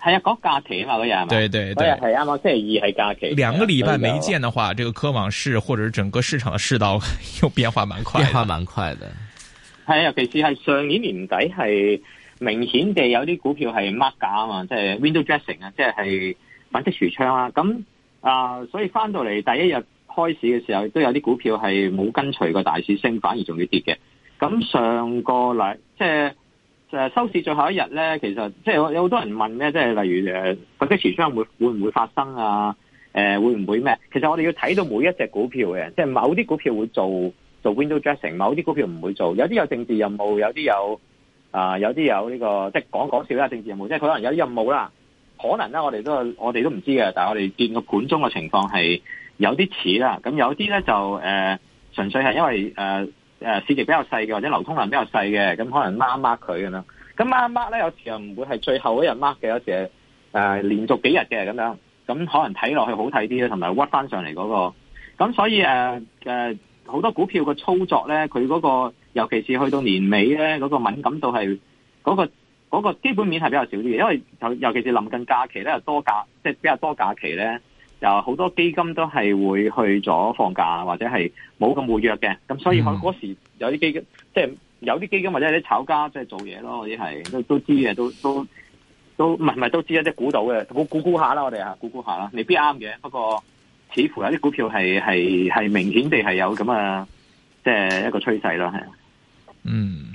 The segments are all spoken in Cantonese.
係啊，講假期啊嘛，嗰日係嘛，嗰日係啊嘛、啊啊，星期二係假期。兩個禮拜未見嘅話，這個科網市或者整個市場嘅市道又變化蠻快，變化蠻快嘅。係啊，尤其是係上年年底係明顯地有啲股票係 mark 價啊嘛，即、就、係、是、window dressing 啊，即係粉飾櫥窗啊。咁、呃、啊，所以翻到嚟第一日開市嘅時候，都有啲股票係冇跟隨個大市升，反而仲要跌嘅。咁上個禮即係。收市最後一日咧，其實即係有好多人問咧，即係例如誒反擊遲漲會會唔會發生啊？誒、呃、會唔會咩？其實我哋要睇到每一隻股票嘅，即係某啲股票會做做 window dressing，某啲股票唔會做，有啲有政治任務，有啲有啊、呃，有啲有呢、呢個即係講講笑啦，政治任務即係佢可能有啲任務啦，可能咧我哋都我哋都唔知嘅，但係我哋見個盤中嘅情況係有啲似啦，咁有啲咧就誒、呃、純粹係因為誒。呃誒，市值比較細嘅或者流通量比較細嘅，咁可能掹掹佢咁樣。咁掹掹咧，有時又唔會係最後一日掹嘅，有時係誒連續幾日嘅咁樣。咁可能睇落去好睇啲啦，同埋屈翻上嚟嗰個。咁所以誒誒，好多股票嘅操作咧，佢嗰個尤其是去到年尾咧，嗰個敏感度係嗰個嗰個基本面係比較少啲嘅，因為尤其是臨近假期咧，又多假即係比較多假期咧。又好多基金都係會去咗放假，或者係冇咁活躍嘅，咁所以可能嗰時有啲基金，即係有啲基金或者係啲炒家即係做嘢咯，嗰啲係都都知嘅，都都都唔係唔係都知即係估到嘅，好估估下啦，我哋吓估估下啦，未必啱嘅，不過似乎有啲股票係係係明顯地係有咁啊，即係一個趨勢咯，係嗯。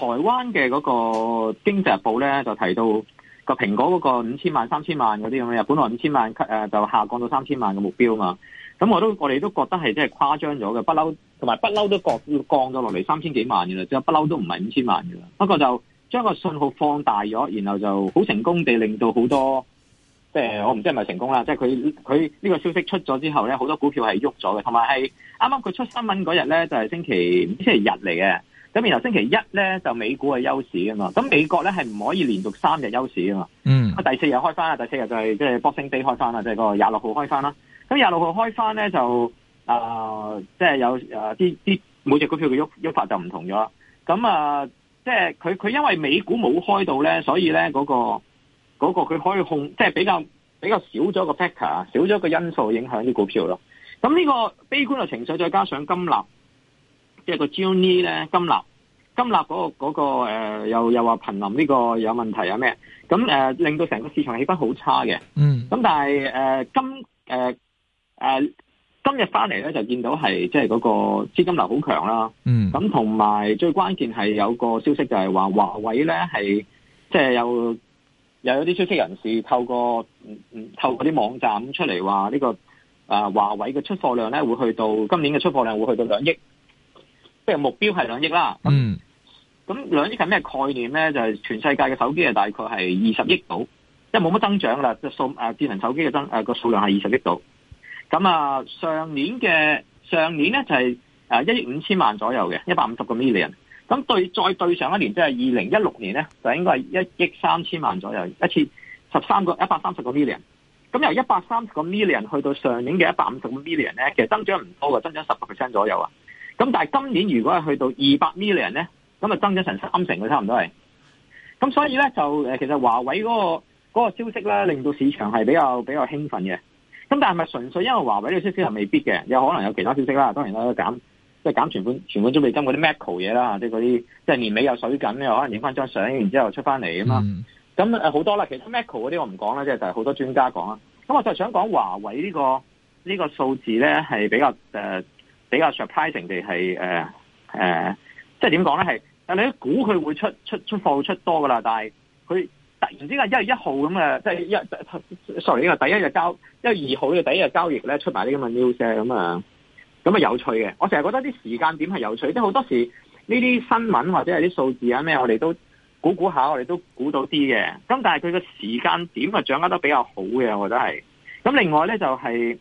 台灣嘅嗰個經濟日報咧，就提到個蘋果嗰個五千萬、三千萬嗰啲咁樣，本來五千萬誒就下降到三千萬嘅目標嘛。咁我都我哋都覺得係即係誇張咗嘅，不嬲同埋不嬲都降降咗落嚟三千幾萬嘅啦，即係不嬲都唔係五千萬嘅啦。不過就將個信號放大咗，然後就好成功地令到好多即係、就是、我唔知係咪成功啦。即係佢佢呢個消息出咗之後咧，好多股票係喐咗嘅，同埋係啱啱佢出新聞嗰日咧，就係、是、星期唔知係日嚟嘅。咁然後星期一咧就美股係休市啊嘛，咁美國咧係唔可以連續三日休市啊嘛，嗯，第四日開翻啦，第四日就係即係 Boxing Day 開翻啦，即係嗰、呃、個廿六號開翻啦。咁廿六號開翻咧就啊、嗯呃，即係有啊啲啲每隻股票嘅喐喐法就唔同咗啦。咁啊，即係佢佢因為美股冇開到咧，所以咧、那、嗰個嗰、那個佢開控即係比較比較少咗個 factor 少咗個因素影響啲股票咯。咁、嗯、呢、這個悲觀嘅情緒再加上金立。一、個 Jony 咧，金立，金立嗰個嗰個誒，又又話瀕臨呢個有問題啊咩？咁誒令到成個市場氣氛好差嘅。嗯。咁但係誒今誒誒今日翻嚟咧就見到係即係嗰個資金流好強啦。嗯。咁同埋最關鍵係有個消息就係話華為咧係即係有有有啲消息人士透過透過啲網站出嚟話呢個啊華為嘅出貨量咧會去到今年嘅出貨量會去到兩億。嘅目標係兩億啦。嗯。咁兩億係咩概念咧？就係全世界嘅手機係大概係二十億度，即係冇乜增長啦。即係智能手機嘅增誒個數量係二十億度。咁啊，上年嘅上年咧就係誒一億五千萬左右嘅一百五十個 million。咁對再對上一年，即係二零一六年咧，就應該係一億三千萬左右，一次十三個一百三十個 million。咁由一百三十個 million 去到上年嘅一百五十個 million 咧，其實增長唔多嘅，增長十個 percent 左右啊。咁但係今年如果係去到二百 million 咧，咁啊，增咗成三成，佢差唔多係。咁所以咧就誒，其實華為嗰個嗰個消息咧，令到市場係比較比較興奮嘅。咁但係咪純粹因為華為呢個消息係未必嘅？有可能有其他消息啦。當然啦，減即係減存款，存款準備金嗰啲 Macro 嘢啦，即係嗰啲即係年尾有水緊咧，可能影翻張相，然之後出翻嚟啊嘛。咁誒好多啦，其實 Macro 嗰啲我唔講啦，即係就係好多專家講啦。咁我就想講華為呢個呢個數字咧係比較誒。呃比較 surprising 地係誒誒，即係點講咧？係但你估佢會出出出貨出多㗎喇，但係佢突然之間一月一號咁嘅，即係一 sorry，呢個第一日交，一月二號嘅第一日交易咧出埋啲咁嘅 news 咁啊，咁啊有趣嘅。我成日覺得啲時間點係有趣，即係好多時呢啲新聞或者係啲數字啊咩，我哋都估估下，我哋都估到啲嘅。咁但係佢個時間點係掌握得比較好嘅，我覺得係。咁另外咧就係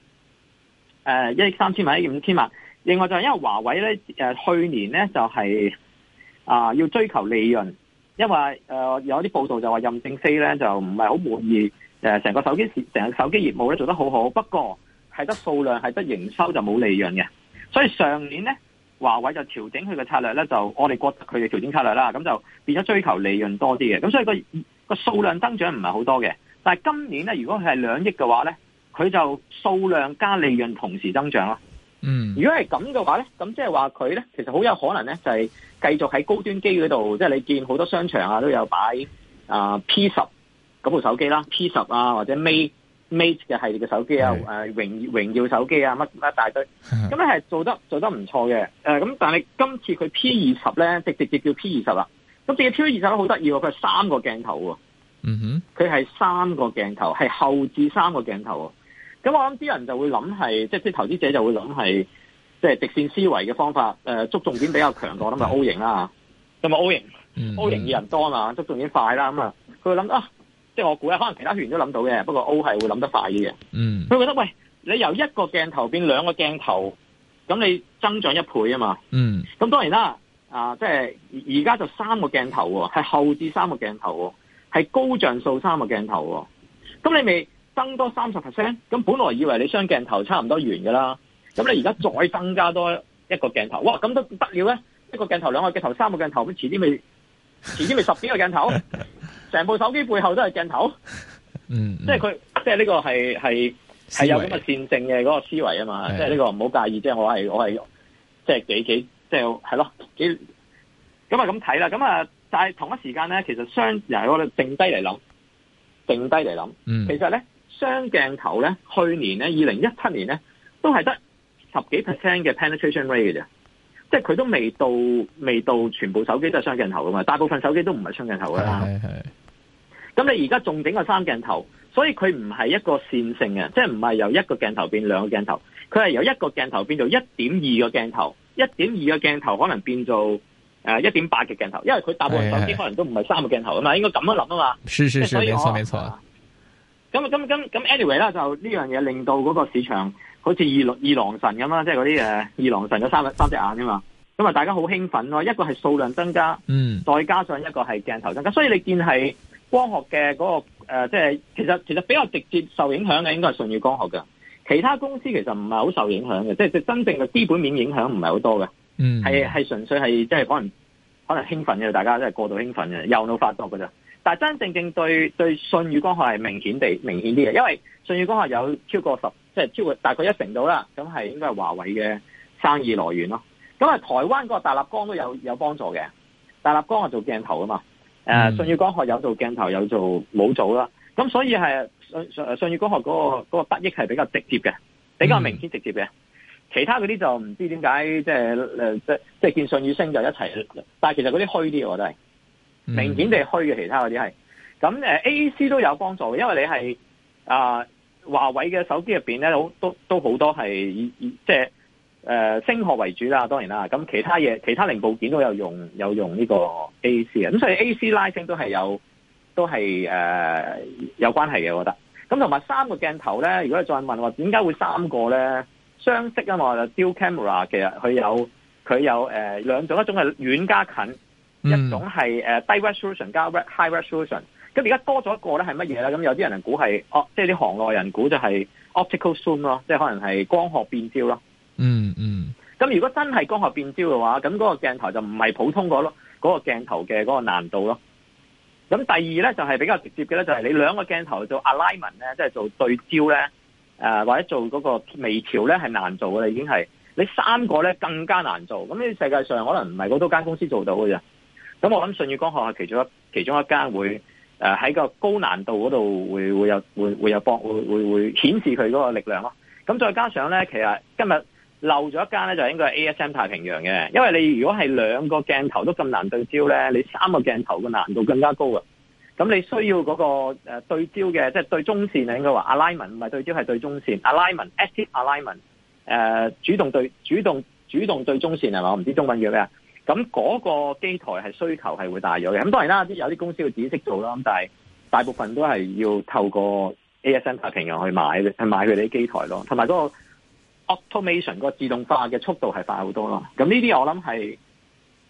誒一億三千萬、一億五千萬。另外就係因為華為咧誒，去年咧就係啊，要追求利潤，因為誒有啲報道就話任正非咧就唔係好滿意誒，成個手機成個手機業務咧做得好好，不過係得數量係得營收就冇利潤嘅，所以上年咧華為就調整佢嘅策略咧，就我哋覺得佢嘅調整策略啦，咁就變咗追求利潤多啲嘅，咁所以個個數量增長唔係好多嘅，但係今年咧如果佢係兩億嘅話咧，佢就數量加利潤同時增長咯。嗯，如果係咁嘅話咧，咁即係話佢咧，其實好有可能咧，就係繼續喺高端機度，即係你見好多商場啊都有擺啊 P 十嗰部手機啦，P 十啊或者 Mate Mate 嘅系列嘅手機啊，誒榮榮耀手機啊，乜乜一大堆，咁咧係做得做得唔錯嘅，誒、呃、咁但係今次佢 P 二十咧，直直接叫 P 二十啦，咁直接 P 二十都好得意喎，佢係三個鏡頭喎，嗯哼，佢係三個鏡頭，係後置三個鏡頭。咁我諗啲人就會諗係，即係投資者就會諗係，即係直線思維嘅方法，誒、呃、捉重點比較強啲，我諗就 O 型啦，咁啊 O 型、嗯、，O 型嘅人多嘛、嗯，捉重點快啦，咁啊佢會諗啊，即、就、係、是、我估啊，可能其他會員都諗到嘅，不過 O 係會諗得快啲嘅，嗯，佢覺得喂，你由一個鏡頭變兩個鏡頭，咁你增長一倍啊嘛，嗯，咁當然啦，啊即係而家就三個鏡頭喎，係後置三個鏡頭，係高像素三個鏡頭，咁你未。增多三十 percent，咁本來以為你雙鏡頭差唔多完噶啦，咁你而家再增加多一個鏡頭，哇，咁都得了咧！一個鏡頭、兩個鏡頭、三個鏡頭，咁遲啲咪遲啲咪十幾個鏡頭，成 部手機背後都係鏡頭，嗯，即係佢，即係呢個係係係有咁嘅線性嘅嗰個思維啊嘛，即係呢個唔好介意，即係我係我係即係幾幾即係係咯幾咁啊咁睇啦，咁啊，但係同一時間咧，其實雙又我哋定低嚟諗，定低嚟諗、嗯，其實咧。雙鏡頭咧，去年咧，二零一七年咧，都係得十幾 percent 嘅 penetration rate 嘅啫，即係佢都未到，未到全部手機都係雙鏡頭噶嘛，大部分手機都唔係雙鏡頭噶啦。係係。咁你而家仲整個三鏡頭，所以佢唔係一個線性嘅，即係唔係由一個鏡頭變兩個鏡頭，佢係由一個鏡頭變做一點二個鏡頭，一點二個鏡頭可能變做誒一點八嘅鏡頭，因為佢大部分手機,是是手機可能都唔係三個鏡頭啊嘛，應該咁樣諗啊嘛。是是是，冇錯冇錯。沒錯咁咁咁咁，anyway 啦，就呢樣嘢令到嗰個市場好似二郎二郎神咁啦，即係嗰啲誒二郎神有三隻三隻眼啊嘛。咁啊，大家好興奮咯，一個係數量增加，再加上一個係鏡頭增加，所以你見係光學嘅嗰、嗰個即係、呃、其實其實比較直接受影響嘅應該係舜宇光學嘅，其他公司其實唔係好受影響嘅，即、就、係、係、真正嘅基本面影響唔係好多嘅，係係純粹係即係可能可能興奮嘅，大家真係過度興奮嘅，右腦發作嘅咋。但係真正正對對信宇光學係明顯地明顯啲嘅，因為信宇光學有超過十，即係超過大概一成度啦，咁係應該係華為嘅生意來源咯。咁啊台灣，個大立光都有有幫助嘅，大立光係做鏡頭㗎嘛。誒、呃嗯，信宇光學有做鏡頭，有做冇做啦。咁所以係信信信宇光學嗰、嗰個、嗰個嗰個得益係比較直接嘅，比較明顯直接嘅，嗯。其他嗰啲就唔知點解即係誒即即係見信宇升就一齊，但係其實嗰啲虛啲，我覺得係。明顯地虛嘅，其他嗰啲係，咁、呃、A C 都有幫助，因為你係啊、呃、華為嘅手機入邊咧，好都都好多係以以即係誒聲學為主啦，當然啦，咁其他嘢其他零部件都有用，有用呢個 A C 嘅，咁所以 A C 拉升都係有，都係誒、呃、有關係嘅，我覺得。咁同埋三個鏡頭咧，如果你再問話點解會三個咧？相識啊嘛，Dual Camera 其實佢有佢有、呃、兩種一種係遠加近。一種係誒低 resolution 加 high resolution，咁而家多咗一個咧係乜嘢咧？咁有啲人估係，即係啲行內人估就係 optical zoom 咯，即係可能係光學變焦咯。嗯嗯。咁如果真係光學變焦嘅話，咁、那、嗰個鏡頭就唔係普通咯，嗰個鏡頭嘅嗰個難度咯。咁第二咧就係比較直接嘅咧，就係、是、你兩個鏡頭做 alignment 咧，即係做對焦咧，誒或者做嗰個微調咧係難做嘅啦，已經係你三個咧更加難做。咁呢啲世界上可能唔係好多間公司做到嘅啫。咁我諗舜宇光學係其中一其中一間會誒喺、呃、個高難度嗰度會會，會，會有波會會有博會會會顯示佢嗰個力量咯、啊。咁再加上咧，其實今日漏咗一間咧就應應該 ASM 太平洋嘅。因為你如果係兩個鏡頭都咁難對焦咧，你三個鏡頭嘅難度更加高啊。咁你需要嗰個誒對焦嘅，即、就、係、是、對中線啊，應該話 alignment 唔係對焦係對中線 alignment，active alignment，誒 alignment、呃、主動對主動主動對中線係嘛？我唔知中文叫咩啊？咁嗰個機台係需求係會大咗嘅，咁當然啦，啲有啲公司會自己識做啦，咁但係大部分都係要透過 ASM 太平洋去買去買佢哋啲機台咯，同埋嗰個 automation 個自動化嘅速度係快好多咯。咁呢啲我諗係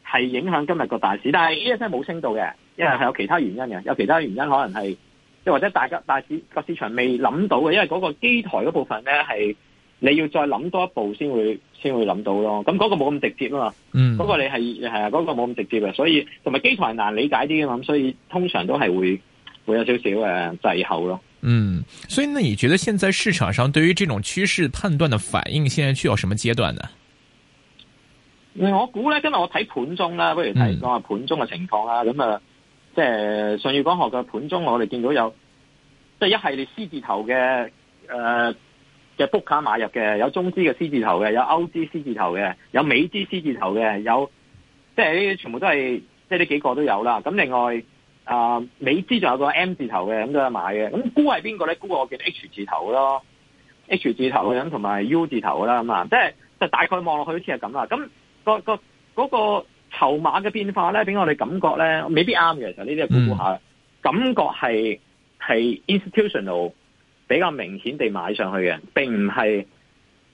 係影響今日個大市，但係 ASM 冇升到嘅，因為係有其他原因嘅，有其他原因可能係即係或者大家大市個市場未諗到嘅，因為嗰個機台嗰部分咧係你要再諗多一步先會。先會諗到咯，咁嗰個冇咁直接啊嘛，嗯，不、那個、你係係啊，嗰、那個冇咁直接嘅，所以同埋機台難理解啲嘅，咁，所以通常都係會會有少少誒、呃、滯後咯。嗯，所以呢，你覺得現在市場上對於這種趨勢判斷的反應，現在需要什麼階段呢？我估咧，今日我睇盤中啦，不如睇講下盤中嘅情況啦。咁、嗯、啊、嗯嗯，即係上月港行嘅盤中，我哋見到有即係一系列獅字頭嘅誒。呃嘅 book 卡買入嘅，有中資嘅 C 字頭嘅，有歐資 C 字頭嘅，有美資 C 字頭嘅，有即係呢啲全部都係即係呢幾個都有啦。咁另外啊、呃，美資仲有個 M 字頭嘅，咁都有買嘅。咁估係邊個咧？估我記得 H 字頭咯，H 字頭嘅人同埋 U 字頭啦，咁啊，即係就大概望落去好似係咁啦。咁、個個嗰個籌碼嘅變化咧，俾我哋感覺咧，未必啱嘅。其實呢啲係估估下、嗯，感覺係係 institutional。比較明顯地買上去嘅，並唔係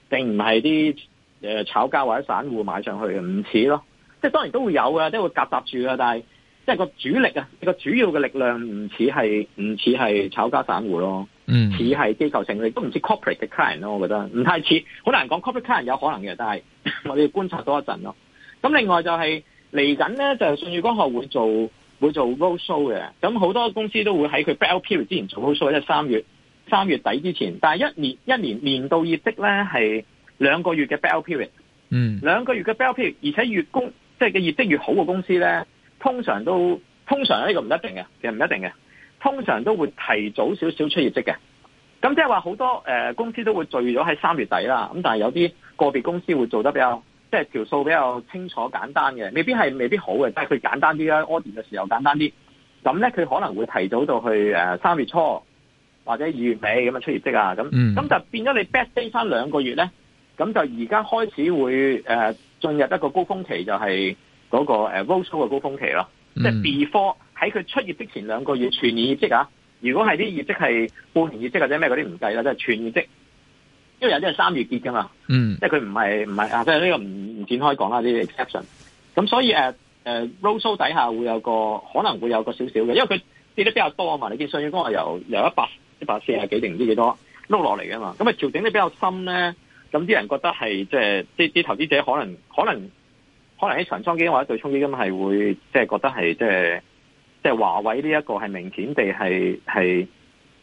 並唔係啲誒炒家或者散戶買上去嘅，唔似咯。即係當然都會有啊，都會夾雜住啊，但係即係個主力啊，個主要嘅力量唔似係唔似係炒家散戶咯。嗯，似係機構成亦都唔似 corporate 嘅 client 咯，我覺得唔太似。好難講 corporate client 有可能嘅，但係 我哋要觀察多一陣咯。咁另外就係嚟緊咧，就信、是、譽光學會做會做 roadshow 嘅，咁好多公司都會喺佢 blackout period 之前做 roadshow 即係三月。三月底之前，但係一年一年年度業績咧係兩個月嘅 bell period，嗯、mm.，兩個月嘅 bell period，而且越公即係嘅業績越好嘅公司咧，通常都通常呢個唔一定嘅，其實唔一定嘅，通常都會提早少少出業績嘅。咁即係話好多、呃、公司都會聚咗喺三月底啦，咁但係有啲個別公司會做得比較即係條數比較清楚簡單嘅，未必係未必好嘅，但係佢簡單啲啦，Order 嘅時候簡單啲，咁咧佢可能會提早到去、呃、三月初。或者二月尾咁啊出業績啊咁，咁、嗯、就變咗你 best day 翻兩個月咧，咁就而家開始會誒、呃、進入一個高峰期就、那個，就、呃、係嗰個 rose show 嘅高峰期咯，即係 before 喺佢出業績前兩個月全年業績啊，如果係啲業績係半年業績或者咩嗰啲唔計啦，即係、就是、全年業績，因為有啲係三月結噶嘛，嗯、即係佢唔係唔係啊，即係呢個唔唔展開講啦啲 exception。咁所以誒、呃呃、rose show 底下會有個可能會有個少少嘅，因為佢跌得比較多啊嘛，你見上月剛係由由一百。一百四啊幾定唔知幾多碌落嚟嘅嘛，咁啊調整得比較深咧，咁啲人覺得係即係，啲、就、啲、是、投資者可能可能可能喺長倉基金或者對沖基金係會即係、就是、覺得係即係，即係華為呢一個係明顯地係係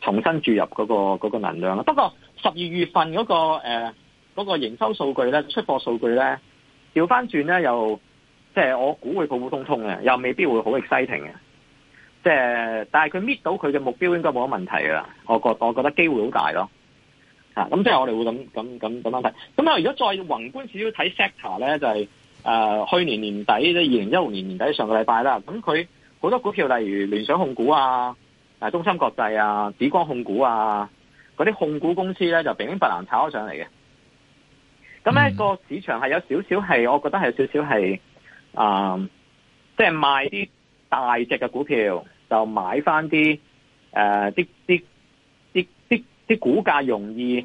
重新注入嗰、那個、那個能量啊。不過十二月份嗰、那個誒、呃那個營收數據咧、出貨數據咧，調返轉咧又即係、就是、我估會普普通通嘅，又未必會好 exciting 嘅。即係，但係佢搣到佢嘅目標應該冇乜問題噶啦，我覺我覺得機會好大咯。啊，咁即係我哋會咁咁咁咁樣睇。咁啊，如果再宏觀少少睇 sector 咧，就係、是、誒、呃、去年年底即係二零一六年年底上個禮拜啦。咁佢好多股票，例如聯想控股啊、中心國際中芯國際啊、紫光控股啊，嗰啲控股公司咧就並兵不難炒咗上嚟嘅。咁呢個個市場係有少少係，我覺得係有少少係啊，即係賣啲。大隻嘅股票就買翻啲誒啲啲啲啲啲股價容易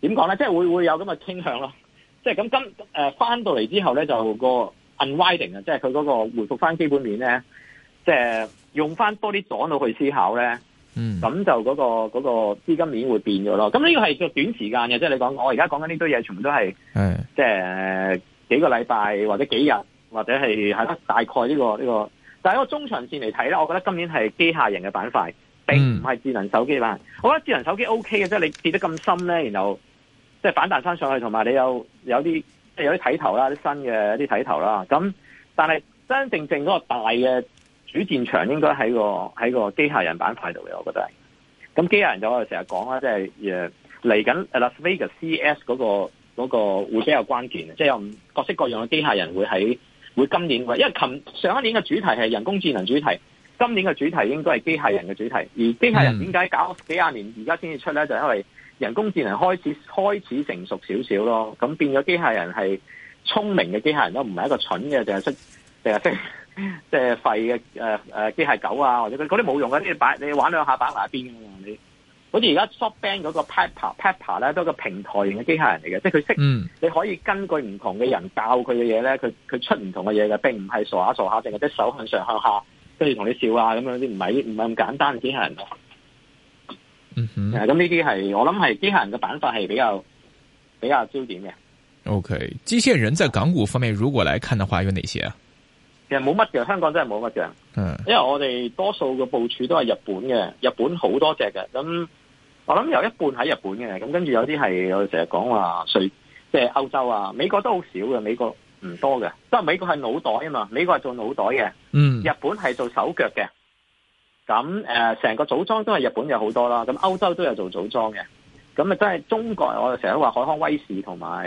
點講咧？即係會會有咁嘅傾向咯。即係咁今誒翻、呃、到嚟之後咧，就個 unwinding 啊，即係佢嗰個回復翻基本面咧，即係用翻多啲左腦去思考咧。嗯，咁就嗰個嗰個資金面會變咗咯。咁呢個係個短時間嘅，即係你講我而家講緊呢堆嘢全部都係誒，即係幾個禮拜或者幾日或者係係大概呢個呢個。呢個但喺個中長線嚟睇咧，我覺得今年係機械人嘅板塊並唔係智能手機板。Mm. 我覺得智能手機 OK 嘅即係，你跌得咁深咧，然後即係反彈翻上去，同埋你有有啲即係有啲睇頭啦，啲新嘅一啲睇頭啦。咁但係真真正正嗰個大嘅主戰場應該喺個喺個機械人板塊度嘅，我覺得係。咁機械人我就我哋成日講啦，即係誒嚟緊 Las Vegas CS 嗰個嗰個會比較關鍵，即係有各式各樣嘅機械人會喺。會今年，因為琴上一年嘅主題係人工智能主題，今年嘅主題應該係機械人嘅主題。而機械人點解搞幾廿年而家先至出咧？就係因為人工智能開始開始成熟少少咯，咁變咗機械人係聰明嘅機械人都唔係一個蠢嘅，淨係識淨係識即係廢嘅誒誒，機械狗啊或者嗰啲冇用嘅，你擺你玩兩下擺埋一邊嘅、啊、你。好似而家 softbank 嗰個 Pepper Pepper 咧都係個平台型嘅機械人嚟嘅，即係佢識你可以根據唔同嘅人教佢嘅嘢咧，佢佢出唔同嘅嘢嘅，並唔係傻下傻下，定係啲手向上向下，跟住同你笑啊咁樣啲，唔係唔係咁簡單嘅機械人。嗯咁呢啲係我諗係機械人嘅板塊係比較比較焦點嘅。O K，機械人在港股方面如果來看嘅話，有哪些啊？其實冇乜嘅，香港真係冇乜嘅。因為我哋多數嘅部署都係日本嘅，日本好多隻嘅咁。嗯我諗有一半喺日本嘅，咁跟住有啲係我哋成日講話稅，即係歐洲啊、美國都好少嘅，美國唔多嘅，即係美國係腦袋啊嘛，美國係做腦袋嘅，嗯，日本係做手腳嘅，咁誒，成、呃、個組裝都係日本有好多啦，咁歐洲都有做組裝嘅，咁啊，真係中國我哋成日都話海康威視同埋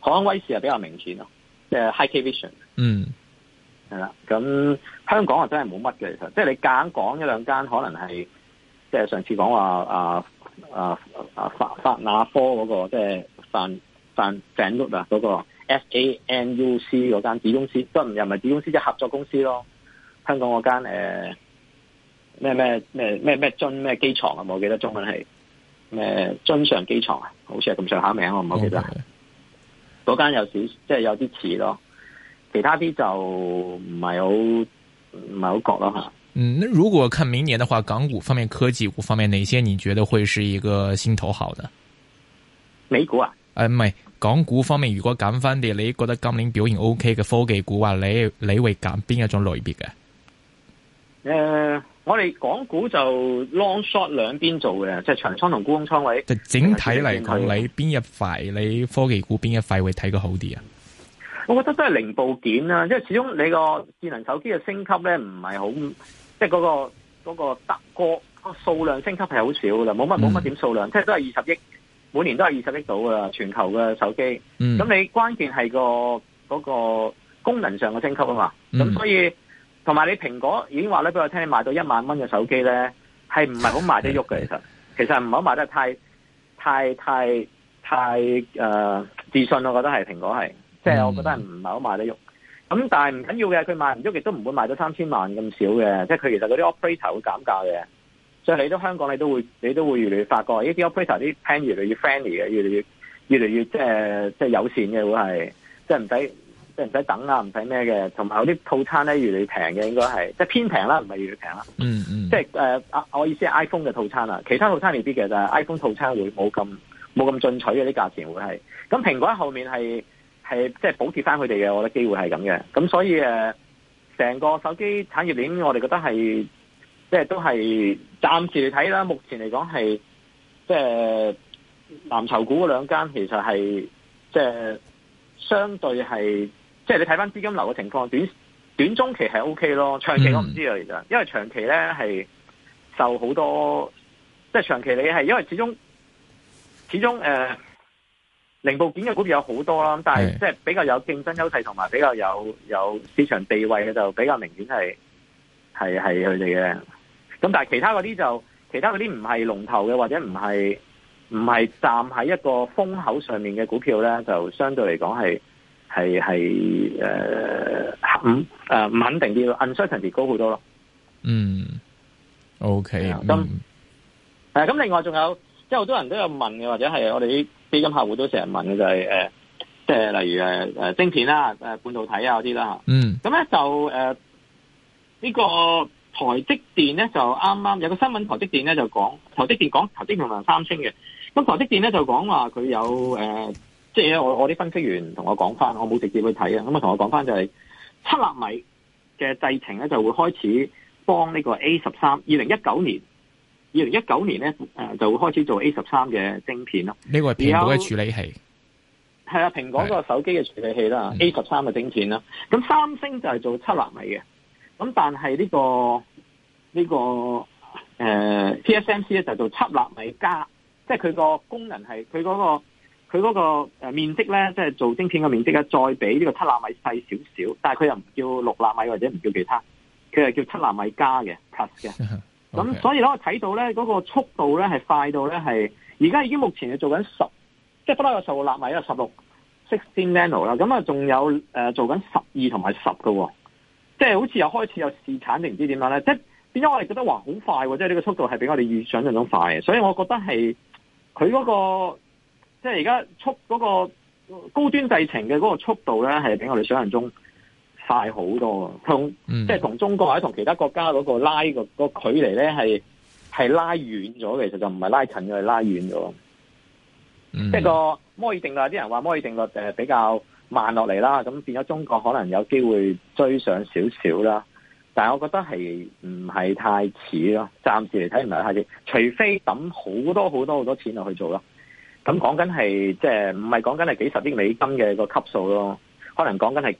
海康威視啊，比較明顯咯，即係 Hikvision，g 嗯，係啦，咁香港啊真係冇乜嘅，其實，即係你夾硬講一兩間可能係，即係上次講話啊。呃啊啊，啊法法、啊、那科嗰個即係范范正禄啊嗰個 F A N U C 嗰間子公司，即係又唔係子公司，即係合作公司咯。香港嗰間誒咩咩咩咩咩津咩機床啊，冇、呃、記得中文係咩津上機床啊，好似係咁上下名，我唔好記得。間有少即係有啲似咯，其他啲就唔係好唔係好覺咯吓。嗯，如果看明年的話，港股方面、科技股方面，哪些你覺得會是一個心頭好的美股啊？誒、啊，唔係港股方面，如果揀翻啲，你覺得今年表現 O K 嘅科技股啊，你你會揀邊一種類別嘅？誒、呃，我哋港股就 long short 兩邊做嘅，即係長倉同沽空倉位。就整體嚟講，你邊一塊、嗯、你科技股邊一塊會睇個好啲啊？我覺得都係零部件啦、啊，因為始終你個智能手機嘅升級咧，唔係好。即係、那、嗰個嗰、那個得、那個那個數量升級係好少噶啦，冇乜冇乜點數量，即係都係二十億，每年都係二十億到噶啦，全球嘅手機。咁、嗯、你關鍵係、那個嗰、那個功能上嘅升級啊嘛。咁、嗯、所以同埋你蘋果已經話咧俾我聽，你賣到一萬蚊嘅手機咧係唔係好賣得喐嘅、嗯？其實其實唔係好賣得太太太太誒、呃、自信，我覺得係蘋果係，即係我覺得係唔係好賣得喐。咁、嗯、但係唔緊要嘅，佢賣唔喐，亦都唔會賣到三千萬咁少嘅，即係佢其實嗰啲 operator 會減價嘅。所以你都香港你都會你都會越嚟越發覺，依啲 operator 啲 plan 越嚟越 friendly 嘅，越嚟越越嚟越即係即係友善嘅會係，即係唔使即係唔使等啊，唔使咩嘅。同埋有啲套餐咧越嚟越平嘅應該係，即係偏平啦，唔係越嚟越平啦。嗯嗯即，即係誒，我我意思係 iPhone 嘅套餐啊，其他套餐未必嘅，但係 iPhone 套餐會冇咁冇咁進取嘅啲價錢會係。咁蘋果喺後面係。係即係補貼翻佢哋嘅，我覺得機會係咁嘅。咁所以誒，成、呃、個手機產業鏈，我哋覺得係即係都係暫時嚟睇啦。目前嚟講係即係藍籌股嗰兩間，其實係即係相對係即係你睇翻資金流嘅情況，短短中期係 O K 咯。長期我唔知啊，其實因為長期咧係受好多即係長期你係因為始終始終誒。呃零部件嘅股票有好多啦，但係即係比較有競爭優勢同埋比較有有市場地位嘅就比較明顯係係係佢哋嘅，咁但係其他嗰啲就其他嗰啲唔係龍頭嘅或者唔係唔係站喺一個風口上面嘅股票咧，就相對嚟講係係係誒肯誒唔肯定啲咯，uncertainty 高好多咯。嗯，OK，咁誒咁另外仲有即係好多人都有問嘅，或者係我哋啲。基金客戶都成日問嘅就係、是、誒、呃，即係例如誒誒、呃、晶片啦、誒、呃、半導體啊嗰啲啦，嗯，咁咧就誒呢、呃這個台積電咧就啱啱有個新聞，台積電咧就講台積電講台積電同三星嘅。咁台積電咧就講話佢有誒、呃，即係我我啲分析員同我講翻，我冇直接去睇啊。咁啊同我講翻就係、是、七納米嘅製程咧就會開始幫呢個 A 十三二零一九年。二零一九年咧，誒，就會開始做 A 十三嘅晶片咯。呢個係蘋果嘅處理器，係啊，蘋果個手機嘅處理器啦，A 十三嘅晶片啦。咁、嗯、三星就係做七納米嘅，咁但係呢、這個呢、這個誒、呃、TSMC 咧就是做七納米加，即係佢個功能係佢嗰個佢嗰個誒面積咧，即、就、係、是、做晶片嘅面積咧，再比呢個七納米細少少，但係佢又唔叫六納米或者唔叫其他，佢係叫七納米加嘅 Plus 嘅。 咁、okay. 所以咧，我睇到咧，個速度咧係快到咧係，而家已經目前係做緊十，即係不嬲個十六納米一個十六 sixteen nano 啦，咁啊仲有誒、呃、做緊十二同埋十嘅，即係好似又開始有試產定唔知點樣咧？即係，變咗我哋覺得話好快？即係呢個速度係比我哋預想象中快嘅，所以我覺得係佢、嗰個即係而家速、嗰個高端製程嘅嗰個速度咧，係比我哋想象中。快好多啊，同、嗯、即係同中國或者同其他國家嗰個拉個、嗰個距離咧，係係拉遠咗。其實就唔係拉近，係拉遠咗、嗯。即係個摩爾定律，啲人話摩爾定律誒比較慢落嚟啦。咁變咗中國可能有機會追上少少啦。但係我覺得係唔係太似咯，暫時嚟睇唔係太似。除非抌好多好多好多錢落去做咯。咁講緊係即係唔係講緊係幾十億美金嘅個級數咯，可能講緊係。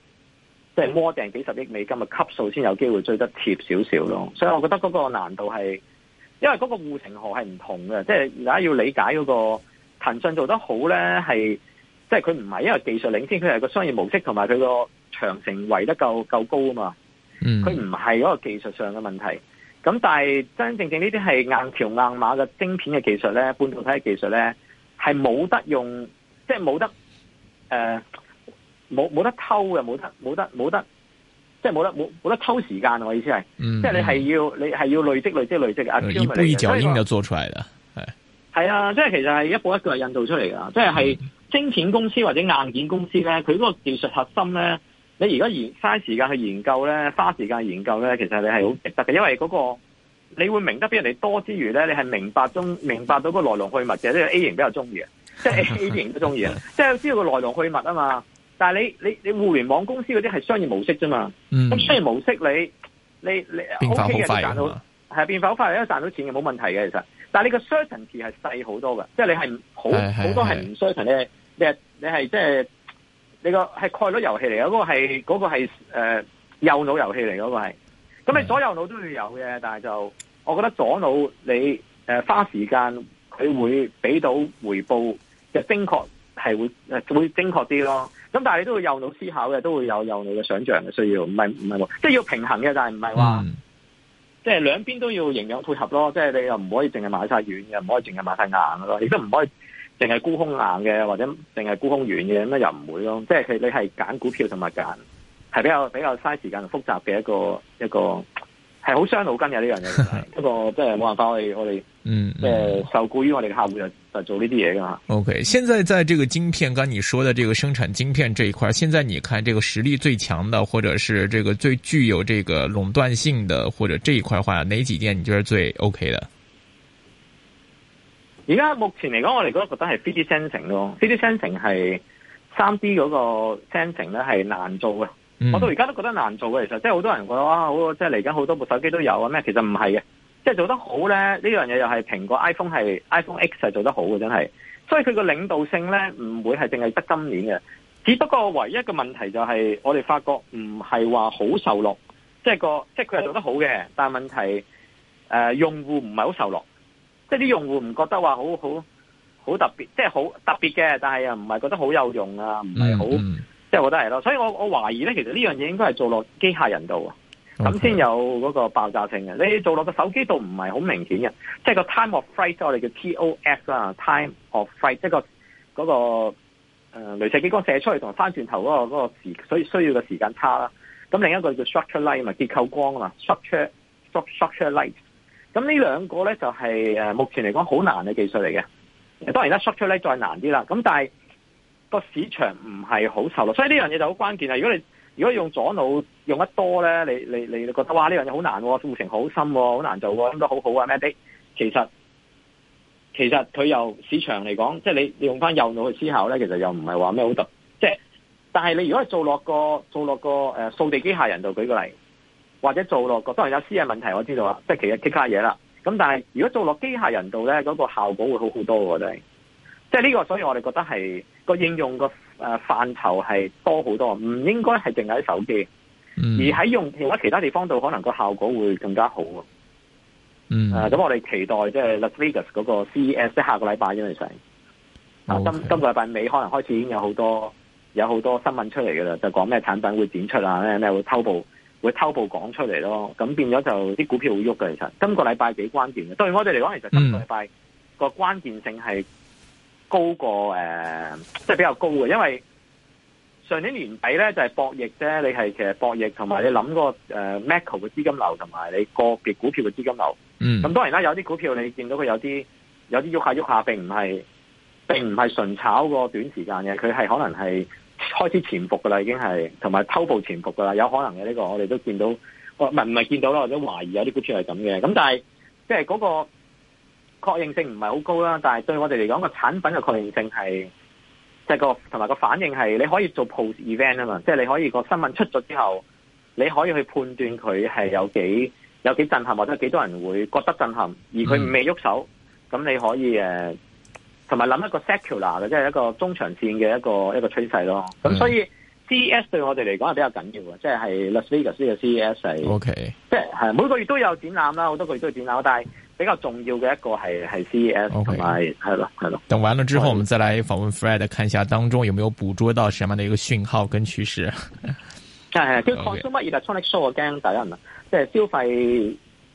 即係摸定幾十億美金嘅級數，先有機會追得貼少少咯。所以我覺得嗰個難度係，因為嗰個護城河係唔同嘅。即係而家要理解嗰個騰訊做得好咧，係即係佢唔係因為技術領先，佢係個商業模式同埋佢個長城圍得夠夠高啊嘛。佢唔係嗰個技術上嘅問題。咁但係真真正正呢啲係硬橋硬馬嘅晶片嘅技術咧，半導體嘅技術咧，係冇得用，即係冇得誒。呃冇冇得偷嘅，冇得冇得冇得，即係冇得冇冇得，得，得，得偷時間。我、嗯、意思係，即、嗯、係你係要你係要累積累積累積嘅啊！以背著先就做出嚟㗎。係係啊！即係其實係一步一步係印度出嚟噶，即係係晶片公司或者硬件公司咧，佢嗰個技術核心咧，你而家研嘥時間去研究咧，花時間去研究咧，其實你係好值得嘅、嗯，因為嗰、那個你會明得比人哋多之餘咧，你係明白中明白到個來龍去脈嘅。呢、就、個、是、A 型比較中意嘅，即、就、係、是、A, A 型都中意嘅，即、就、係、是、知道個來龍去脈啊嘛～但你你你，你互聯網公司嗰啲係商業模式啫嘛，咁商業模式你你你 O K 嘅賺到係變化好快，因為賺到錢嘅冇問題嘅其實。但你個 certainty 期係細好多嘅，即係你係好好多係唔 certainty 嘅，你係你係即係你個係概率遊戲嚟，嗰、那個係嗰、那個係、呃、右腦遊戲嚟，嗰、那個係。咁你左右腦都要有嘅，但係就我覺得左腦你、呃、花時間佢會俾到回報嘅精、就是、確係會、呃、會精確啲咯。咁但係你都會右腦思考嘅，都會有右腦嘅想象嘅需要，唔係唔係，即係要平衡嘅，但係唔係話，即係兩邊都要營養配合咯，即係你又唔可以淨係買晒軟嘅，唔可以淨係買晒硬嘅咯，亦都唔可以淨係沽空硬嘅，或者淨係沽空軟嘅，咁樣又唔會咯，即係佢你係揀股票同埋揀，係比較比較嘥時間同複雜嘅一個一個。一個係好傷腦筋嘅呢樣嘢，不過即係冇辦法，我哋我哋，嗯，即係受僱於我哋嘅客戶就就做呢啲嘢噶。OK，現在在這個晶片，剛才你說的這個生產晶片這一塊，現在你看這個實力最強的，或者是這個最具有這個壟斷性的，或者這一塊話，哪幾件你覺得最 OK 的？而家目前嚟講，我哋覺得覺得係 3D sensing 咯，3D sensing 係三 D 嗰個 sensing 咧，係難做嘅。我到而家都覺得難做嘅，其實即係好多人覺得啊，好即係嚟緊好多部手機都有啊咩？其實唔係嘅，即係做得好咧呢樣嘢又係蘋果 iPhone 係 iPhone X 係做得好嘅，真係。所以佢個領導性咧唔會係淨係得今年嘅，只不過唯一嘅問題就係我哋發覺唔係話好受落，即係個即係佢係做得好嘅，但係問題誒用戶唔係好受落，即係啲用戶唔覺得話好好好特別，即係好特別嘅，但係又唔係覺得好有用啊，唔係好。嗯嗯即係我覺得係咯，所以我我懷疑咧，其實呢樣嘢應該係做落機械人度，咁先有嗰個爆炸性嘅。你做落個手機度唔係好明顯嘅，即係個 time of flight，我哋叫 TOF 啊，time of flight，即係個嗰個、呃、雷射激光射出嚟同翻轉頭嗰個嗰個時，所以需要嘅時間差啦。咁另一個叫 structure light，咪結構光啊，structure structure light。咁呢兩個咧就係誒目前嚟講好難嘅技術嚟嘅。當然啦，structure light 再難啲啦，咁但係。個市場唔係好受落，所以呢樣嘢就好關鍵啊！如果你如果你用左腦用得多咧，你你你覺得哇呢樣嘢好難喎，護城好深喎，好難做喎，咁都好好啊咩啲？其實其實佢由市場嚟講，即係你，你用翻右腦去思考咧，其實又唔係話咩好特。即係但係你如果係做落個做落個誒掃、啊、地機械人度舉個例，或者做落個當然有私隱問題，我知道啦，即係其實即刻嘢啦。咁但係如果做落機械人度咧，嗰、那個效果會好好多，我覺得。即係呢個，所以我哋覺得係個應用個誒範疇係多好多，唔應該係淨係喺手機，mm. 而喺用其他其他地方度，可能個效果會更加好。嗯、mm. 呃。咁我哋期待即係 Las Vegas 嗰個 CES 即下個禮拜因為上。今今個禮拜尾可能開始已經有好多有好多新聞出嚟㗎啦，就講咩產品會展出啊，咩咩會偷步，會偷步講出嚟咯。咁變咗就啲股票會喐噶。其實今個禮拜幾關鍵嘅，對我哋嚟講，其實今個禮拜個關鍵性係。Mm. 高過誒，即係比較高嘅，因為上年年底咧就係博弈啫，你係其實博弈，同埋你諗個誒 macro 嘅資金流同埋你個別股票嘅資金流。咁、嗯、當然啦，有啲股票你見到佢有啲有啲喐下喐下，並唔係並唔係純炒個短時間嘅，佢係可能係開始潛伏㗎啦，已經係同埋偷步潛伏㗎啦，有可能嘅呢個我哋都見到，我唔係唔係見到啦，我都懷疑有啲股票係咁嘅。咁但係即係嗰個。確認性唔係好高啦，但係對我哋嚟講個產品嘅確認性係，即、就、係、是、個同埋個反應係，你可以做 post event 啊嘛，即係你可以個新聞出咗之後，你可以去判斷佢係有幾有幾震撼或者有幾多人會覺得震撼，而佢未喐手，咁、嗯、你可以誒，同埋諗一個 secular 嘅，即係一個中長線嘅一個一個趨勢咯。咁所以 CES 對我哋嚟講係比較緊要嘅，即係係 Las Vegas 嘅 CES 係，OK，即係係每個月都有展覽啦，好多個月都有展覽，但係。比較重要嘅一個係 CES 同埋係咯係咯，等完了之後， 我們再來訪問 Fred，看一下當中有沒有捕捉到什麼樣嘅一個訊號跟趨勢。係，Consumer Electronics Show 消費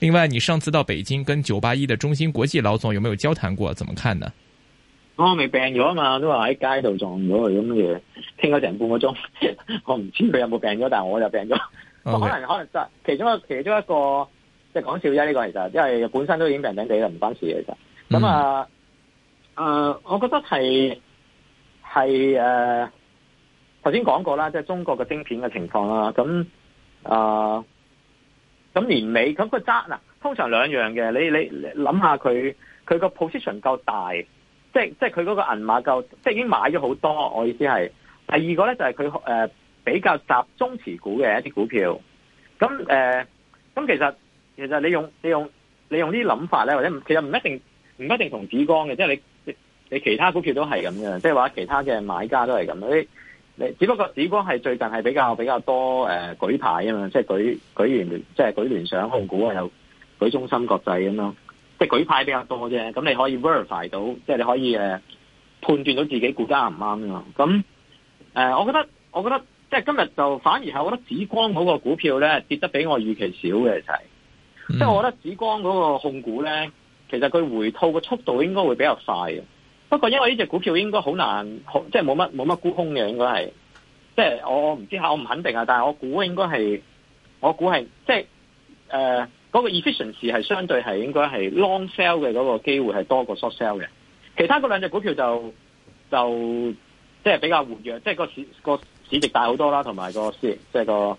另外，你上次到北京跟九八一嘅中芯國際老總有冇有交談過？怎麼看呢？我、哦、未病咗啊嘛，都話喺街度撞咗佢咁嘅嘢，傾咗成半個鐘。我唔知佢有冇病咗，但係我又病咗、okay。可能可能就其中一個，其中一個即係講笑啫。呢、這個其實因為本身都已經病病哋啦，唔關事嘅。其實咁啊，誒、呃，我覺得係係誒，頭先講過啦，即、就、係、是、中國嘅晶片嘅情況啦。咁、嗯、啊。呃咁年尾咁個渣嗱，通常兩樣嘅，你你諗下佢佢個 position 夠大，即係即係佢嗰個銀碼夠，即係已經買咗好多。我意思係第二個咧就係佢誒比較集中持股嘅一啲股票。咁誒咁其實其實你用你用你用呢啲諗法咧，或者其實唔一定唔一定同紫光嘅，即係你你，你其他股票都係咁嘅，即係話其他嘅買家都係咁只不過紫光係最近係比較比較多、呃、舉牌啊嘛，即係舉舉完即係舉聯想控股啊，又舉中芯國際咁咯，即係舉牌比較多啫。咁你可以 verify 到，即係你可以、呃、判斷到自己估價唔啱啊。咁、呃、我覺得我覺得即係今日就反而係我覺得紫光嗰個股票咧跌得比我預期少嘅就係，即係我覺得紫光嗰個控股咧，其實佢回吐嘅速度應該會比較快嘅。不過因為呢隻股票應該好難，即係冇乜冇乜沽空嘅，應該係，即係我我唔知吓，我唔肯定啊。但係我估應該係，我估係即係誒嗰個 efficiency 係相對係應該係 long sell 嘅嗰個機會係多過 short sell 嘅。其他嗰兩隻股票就就，就即係比較活躍，即係個市個市值大好多啦，同埋個即係個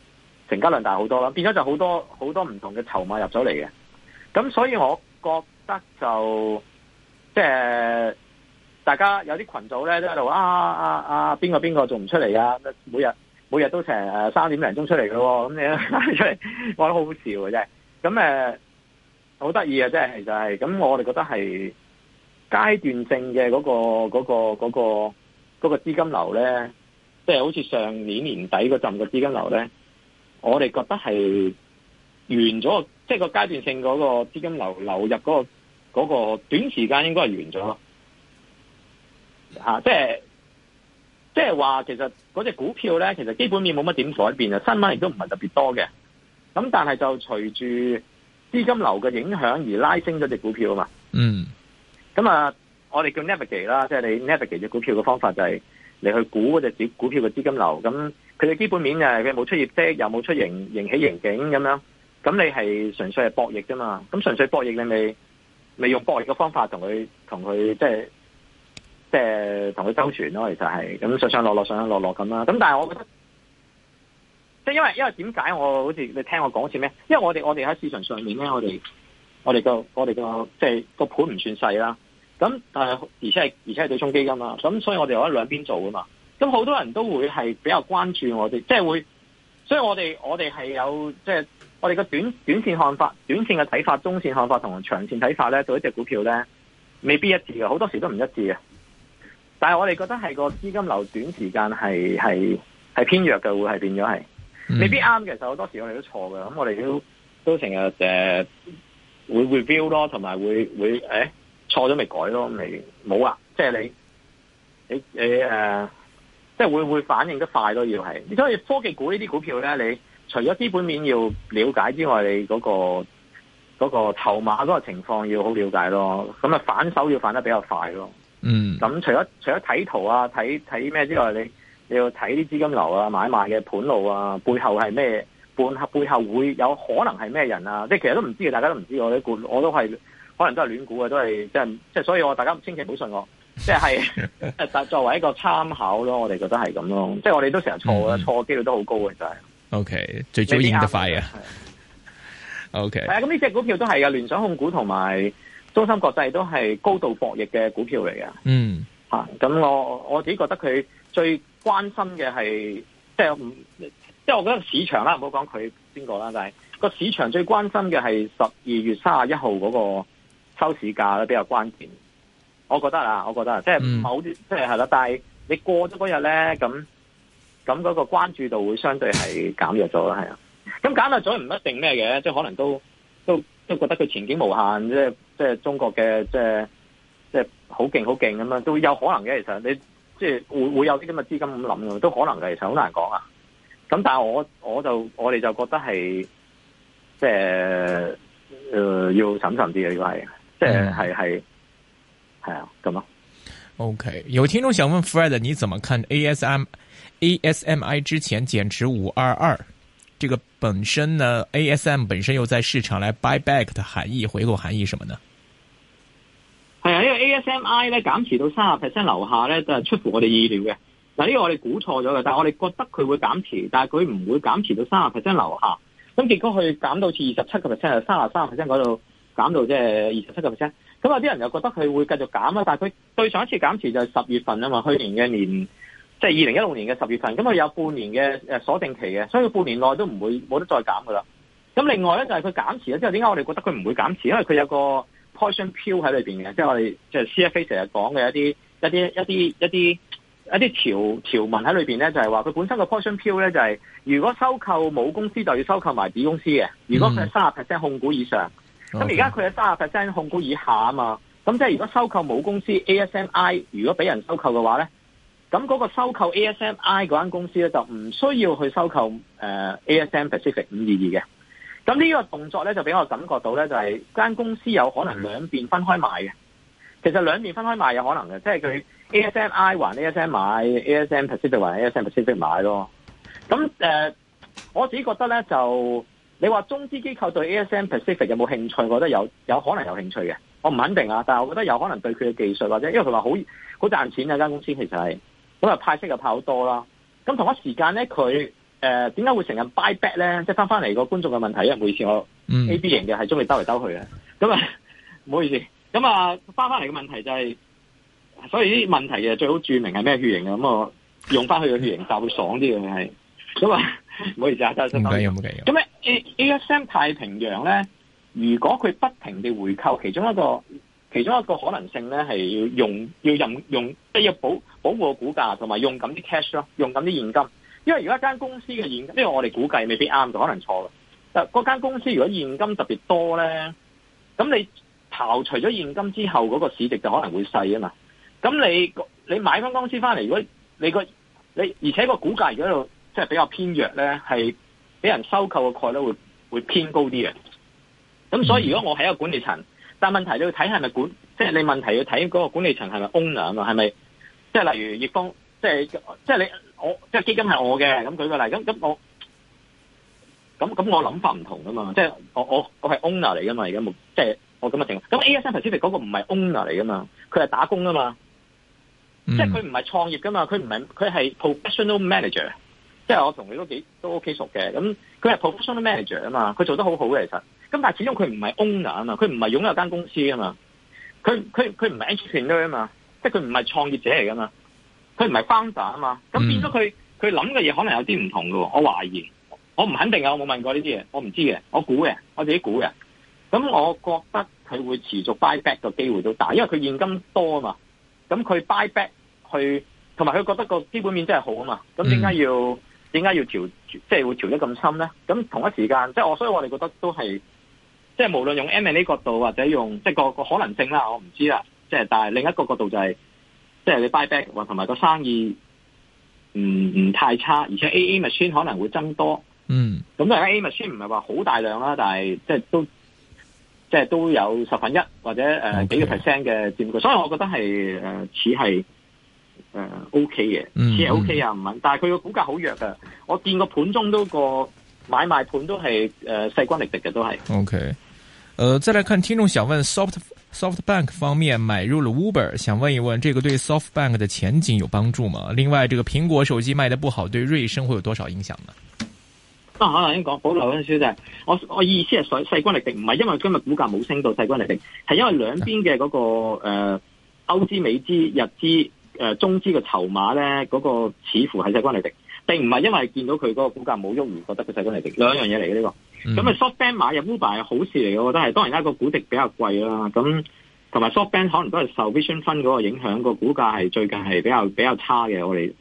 成交量大好多啦。變咗就好多好多唔同嘅籌碼入咗嚟嘅。咁所以我覺得就即係。大家有啲群組呢，都喺度啊啊啊！邊個邊個做唔出嚟啊？每日每日都成三點零鐘出嚟嘅喎，咁你出嚟，我覺得好笑嘅啫。咁誒好得意啊！真係就係咁，我哋覺得係階段性嘅嗰個嗰個嗰個嗰個嗰個資金流呢，即係好似上年年底嗰陣嘅資金流呢，我哋覺得係完咗，即係個階段性嗰個資金流流入嗰個嗰個短時間應該係完咗。吓、啊，即係即係話，其實嗰隻股票咧，其實基本面冇乜點改變啊，新聞亦都唔係特別多嘅。咁但係就隨住資金流嘅影響而拉升咗隻股票啊嘛。嗯。咁啊，我哋叫 navigate 啦，即係你 navigate 隻股票嘅方法就係你去估嗰隻股票嘅資金流。咁佢嘅基本面就係，佢冇出業績，又冇出盈盈喜盈警咁樣。咁你係純粹係博弈啫嘛。咁純粹博弈你，你咪用博弈嘅方法同佢同佢即係。即係同佢周旋咯，其實係咁上上落落，上上落落咁啦。咁但係我覺得，即係因為因為點解我好似你聽我講次咩？因為我哋我哋喺市場上面咧，我哋我哋個我哋個即係個盤唔算細啦。咁但係而且係而且係對沖基金啦。咁所以我哋可以兩邊做啊嘛。咁好多人都會係比較關注我哋，即係會。所以我哋我哋係有即係我哋個短短線看法、短線嘅睇法、中線看法同長線睇法咧，對一隻股票咧未必一致嘅，好多時都唔一致嘅。但係我哋覺得係個資金流短時間係係係偏弱嘅，會係變咗係未必啱嘅。其實好多時候我哋都錯嘅，咁我哋都都成日誒會 review 咯，同埋會會誒錯咗咪改咯，咪冇啊！即係你你你誒、呃，即係會會反應得快咯，要係。所以科技股呢啲股票咧，你除咗基本面要了解之外，你嗰個嗰個籌碼嗰個情況要好了解咯。咁啊反手要反得比較快咯。嗯，咁除咗除咗睇圖啊、睇睇咩之外，你你要睇啲資金流啊、買賣嘅盤路啊，背後係咩？背後背後會有可能係咩人啊？即係其實都唔知，大家都唔知我啲股，我都係可能都係亂估嘅，都係即係即係，所以我大家唔千祈，唔好信我。即、就、係、是、 作為一個參考咯，我哋覺得係咁咯，即係我哋都成日錯啊，錯嘅機率都好高嘅，就係、是。O、okay, K. 最早認得快嘅。O K. 係啊，咁呢隻股票都係啊，聯想控股同埋，中心國際都係高度博弈嘅股票嚟嘅，嗯，嚇、啊、咁我我自己覺得佢最關心嘅係即係即係我覺得市場啦，唔好講佢邊個啦，但係個市場最關心嘅係十二月三十一號嗰個收市價咧比較關鍵。我覺得啊，我覺得啊，即係某啲，即係係。咯，但係你過咗嗰日咧，咁咁嗰個關注度會相對係減弱咗啦，係啊，咁減弱咗唔一定咩嘅，即係可能都都都覺得佢前景無限，即係。即係中國嘅，即係即係好勁好勁咁樣，都有可能嘅。其實你即係會會有啲咁嘅資金咁諗都可能嘅。其實好難講啊。咁但係我我就我哋就覺得係即係，誒、呃，要審慎啲嘅呢個係，即係係係係啊咁咯。OK，有聽眾想問 Fred，你怎麼看 ASM ASMI 之前減持五二二？這個本身呢，ASM 本身又在市場來 buy back 的含義，回購含義什麼呢？係啊，因為 ASMI 咧減持到三十 percent 樓下咧，就係出乎我哋意料嘅。嗱，呢個我哋估錯咗嘅，但係我哋覺得佢會減持，但係佢唔會減持到三十 percent 樓下。咁結果佢減到似二十七個 percent，又三十三個 percent 嗰度減到即係二十七個 percent。咁有啲人又覺得佢會繼續減啊，但係佢對上一次減持就係十月份啊嘛，去年嘅年。即係二零一六年嘅十月份，咁、嗯、佢有半年嘅誒、呃、鎖定期嘅，所以佢半年內都唔會冇得再減噶啦。咁、嗯、另外咧就係佢減持咗之後點解我哋覺得佢唔會減持？因為佢有個 poison pill 喺裏邊嘅，即係我哋即係 CFA 成日講嘅一啲一啲一啲一啲一啲條條文喺裏邊咧，就係話佢本身個 poison pill 咧就係、是、如果收購母公司就要收購埋子公司嘅，如果佢係三十 percent 控股以上，咁而家佢係三十 percent 控股以下啊嘛，咁、嗯嗯、即係如果收購母公司 ASMI，如果俾人收購嘅話咧？咁嗰個收購 ASMI 嗰間公司咧，就唔需要去收購、呃、ASM Pacific 五二二嘅。咁呢個動作咧，就俾我感覺到咧，就係、是、間公司有可能兩邊分開買嘅。其實兩邊分開買有可能嘅，即係佢 ASMI 還 ASM 買，ASM Pacific 還 ASM Pacific 買咯。咁誒、呃，我自己覺得咧，就你話中資機構對 ASM Pacific 有冇興趣？我覺得有，有可能有興趣嘅。我唔肯定啊，但我覺得有可能對佢嘅技術或者因為佢話好好賺錢嘅、啊、間公司其實係。咁啊派息又派好多啦，咁同一時間咧佢誒點解會成日 buy back 咧？即係翻翻嚟個觀眾嘅問題因為每次，我 A B 型嘅係中意兜嚟兜去嘅。咁啊唔好意思，咁啊翻翻嚟嘅問題就係、是，所以呢啲問題嘅最好注明係咩血型咁我用翻去嘅血型就會爽啲嘅係。咁啊唔好意思啊，周係真咁啊 A S M 太平洋咧，如果佢不停嘅回購，其中一個其中一個可能性咧係要用要任用即要保。保護個股價同埋用緊啲 cash 咯，用緊啲現金。因為如果一間公司嘅現金，因為我哋估計未必啱，就可能錯嘅。但嗰間公司如果現金特別多咧，咁你刨除咗現金之後，嗰個市值就可能會細啊嘛。咁你你買翻公司翻嚟，如果你個你而且個股價如果喺度即係比較偏弱咧，係俾人收購嘅概率會會偏高啲嘅。咁所以如果我喺一個管理層，但係問題你要睇係咪管，即係你問題要睇嗰個管理層係咪 owner 啊，係咪？即係例如葉方即係即係你我，即係基金係我嘅。咁舉個例，咁咁我咁咁我諗法唔同啊嘛。即係我我我係 owner 嚟噶嘛，而家冇，即係我咁嘅情況。咁 ASM Pacific 嗰個唔係 owner 嚟噶嘛，佢係打工啊嘛。嗯、即係佢唔係創業噶嘛，佢唔係佢係 professional manager。即係我同你都幾都 OK 熟嘅。咁佢係 professional manager 啊嘛，佢做得好好嘅其實。咁但係始終佢唔係 owner 啊嘛，佢唔係擁有間公司啊嘛。佢佢佢唔係 entrepreneur 嘛。佢唔係創業者嚟噶嘛？佢唔係 founder 啊嘛？咁變咗佢，佢諗嘅嘢可能有啲唔同嘅喎。我懷疑，我唔肯定啊！我冇問過呢啲嘢，我唔知嘅，我估嘅，我自己估嘅。咁我覺得佢會持續 buy back 嘅機會都大，因為佢現金多啊嘛。咁佢 buy back 佢同埋佢覺得個基本面真係好啊嘛。咁點解要點解、mm. 要調？即係會調得咁深咧？咁同一時間，即係我所以我哋覺得都係即係無論用 M&A 呢角度或者用即係個個可能性啦，我唔知啦。即係，但係另一個角度就係、是，即、就、係、是、你 buyback 或同埋個生意唔唔太差，而且 A A machine 可能會增多。嗯，咁但係 A A machine 唔係話好大量啦，但係即係都即係都有十分一或者誒幾個 percent 嘅佔股，佔據 okay. 所以我覺得係誒似係誒 O K 嘅，似係 O K 啊唔蚊，但係佢個股價好弱噶，我見個盤中都個買賣盤都係誒勢均力敵嘅都係。O K，誒再來看聽眾想問 soft。SoftBank 方面買入了 Uber，想問一問，這個對 SoftBank 的前景有幫助嗎？另外，這個蘋果手機賣得不好，對瑞聲會有多少影響？呢？可能應該保留呢？小姐，我我意思係細勢均力敵，唔係因為今日股價冇升到勢均力敵，係因為兩邊嘅嗰個誒歐資美資日資誒、呃、中資嘅籌碼咧，嗰、那個似乎係勢均力敵，並唔係因為見到佢嗰個股價冇喐而覺得佢勢均力敵，兩樣嘢嚟嘅呢個。咁啊 SoftBank 買入 Uber 係好事嚟嘅，我覺得係。當然而家個股值比較貴啦。咁同埋 SoftBank 可能都係受 Vision Fund 嗰個影響，個股價係最近係比較比較差嘅。我哋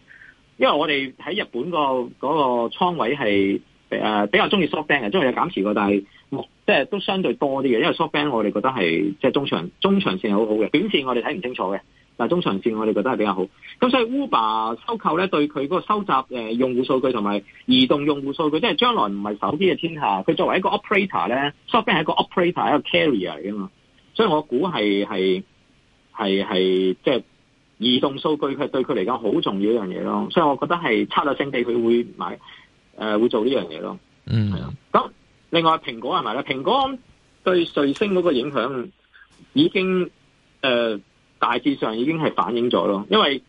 因為我哋喺日本個嗰個倉位係誒比較中意 SoftBank 嘅，因為有減持過，但係、嗯、即係都相對多啲嘅。因為 SoftBank 我哋覺得係即係中長中長線好好嘅，短線我哋睇唔清楚嘅。但係中長線我哋覺得係比較好，咁所以 Uber 收購咧對佢嗰個收集、呃、用戶數據同埋移動用戶數據，即係將來唔係手機嘅天下。佢作為一個 operator 咧，shopping 係一個 operator 一個 carrier 嚟噶嘛，所以我估係係係係即係移動數據佢對佢嚟講好重要一樣嘢咯。所以我覺得係策略性地佢會買、呃、會做呢樣嘢咯。嗯，係啊。咁另外蘋果係咪？嘅，蘋果對瑞星嗰個影響已經誒。呃大致上已經係反映咗咯，因為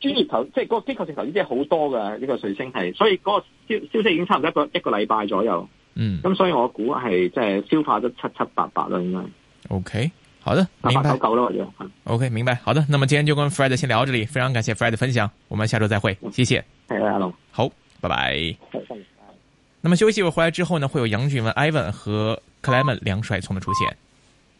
專業投即係嗰個機構性投資者，好多噶，呢、這個水星係，所以嗰個消消息已經差唔多一個禮拜左右。嗯，咁、嗯、所以我估係即係消化得七七八八啦，應該。O、okay, K，好的，八八九九咯，或、嗯、者。O、okay, K，明白。好的，那麼今天就跟 Fred 先聊到這裏，非常感謝 Fred 的分享。我們下周再會，謝謝。係、嗯，阿 l l o 好，拜拜。嗯、謝謝，那麼休息會回來之後呢，會有楊俊文、Ivan 和 Clement 梁帥聰的出現。